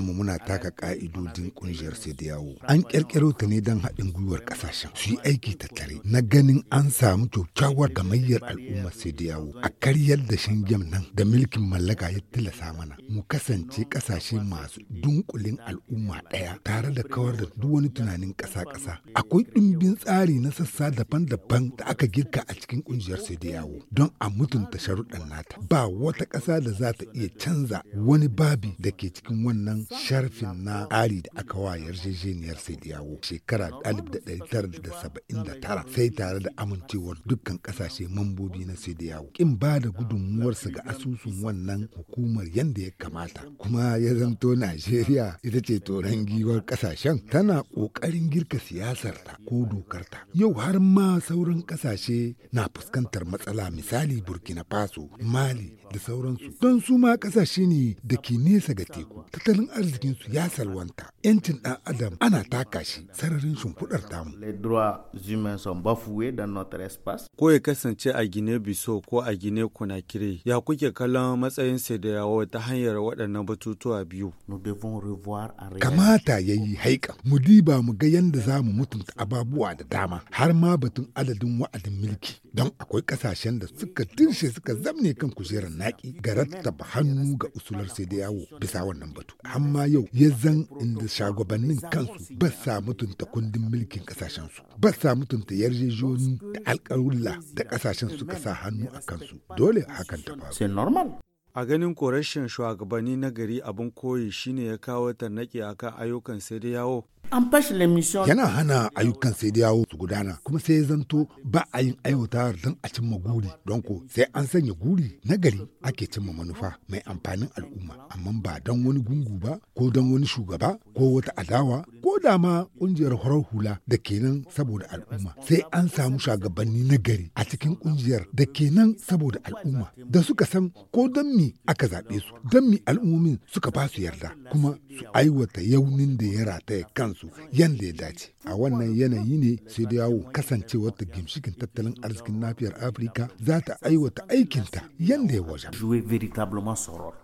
mu muna taka ƙa'idodin ƙungiyar CDAO. An ƙirƙiro ta ne don haɗin gwiwar ƙasashen su yi aiki tattare na ganin an samu kyakkyawar gamayyar al'ummar CDAO a karyar da shingen nan da milkin mallaka ya tilasa mana. Mu kasance ƙasashe masu dunkulin al'umma ɗaya tare da kawar da duk wani tunanin ƙasa-ƙasa. Akwai ɗimbin tsari na sassa daban-daban da aka girka a cikin ƙungiyar CDAO don a mutunta sharuɗan nata. Ba wata ƙasa da za ta iya canza wani babi da ke cikin wannan sharfin na ari da aka wa yarjejeniyar sai da yawo shekara 1979 sai tare da amincewar dukkan kasashe mambobi na sai da yawo kin ba da gudunmuwarsa ga asusun wannan hukumar yadda ya kamata kuma ya zanto najeriya ita ce toron giwar kasashen tana kokarin girka siyasarta ko dokarta yau har ma sauran kasashe na fuskantar matsala misali burkina faso mali da sauransu don su ma ƙasashe ne da ke nesa ga teku tattalin arzikinsu ya salwanta 'yancin ɗan adam ana taka shi sararin shimfiɗar tamu. Ko ya kasance a Gine Biso ko a Gine kunakire ya kuke kallon matsayin sai da yawo ta hanyar waɗannan batutuwa biyu. Kamata ya yi haika mu diba mu ga yadda za mu mutunta ababuwa da dama har ma batun adadin wa'adin mulki. don akwai kasashen da suka dirshe suka zamne kan kujerar naki ga rattaba hannu ga usular sai da yawo bisa wannan batu amma yau ya zan inda shagabannin kansu ba sa mutunta kundin mulkin kasashen su ba sa mutunta yarjejoni da alƙarulla da kasashen suka sa hannu a kansu dole hakan ta faru a ganin ko shugabanni na gari abin koyi shine ya kawo tarnaki akan ayyukan sai da yawo An fashe lemission. Yana hana ayyukan sai da yawo su gudana kuma sai ya zanto ba a yin aiwata don a cimma guri don ko sai an sanya guri na gari ake cimma manufa mai amfanin al'umma amma ba don wani gungu ba ko don wani shugaba ko wata adawa ko da ma kungiyar horar hula da kenan saboda al'umma sai an samu shugabanni na gari a cikin kungiyar da kenan saboda al'umma da suka san ko don mi aka zaɓe su don mi al'ummomin suka ba su yarda kuma su aiwata yaunin da ya rataya kansu kansu yadda ya dace a wannan yanayi ne sai da yawo kasancewar ta gimshikin tattalin arzikin nafiyar afirka za ta aiwata aikinta yadda ya wajen